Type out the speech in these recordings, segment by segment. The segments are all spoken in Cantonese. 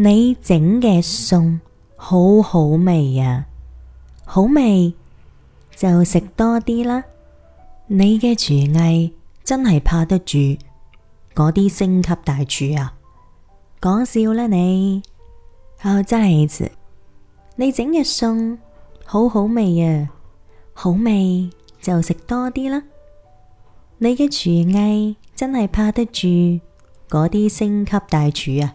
你整嘅餸好好味啊！好味就食多啲啦。你嘅廚藝真係拍得住嗰啲星級大廚啊！講笑啦、啊、你，哦、真係你整嘅餸好好味啊！好味就食多啲啦。你嘅廚藝真係拍得住嗰啲星級大廚啊！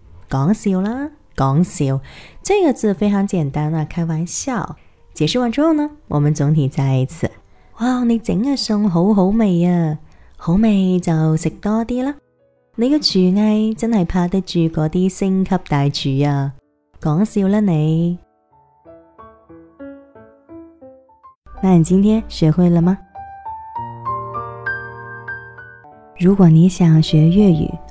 講笑啦，講笑，這個字非常簡單啊！開玩笑。解釋完之後呢，我們總體再來一次。哇，你整嘅餸好好味啊！好味就食多啲啦。你嘅廚藝真係拍得住嗰啲星級大廚啊！講笑啦你。那你今天學會了嗎？如果你想學粵語。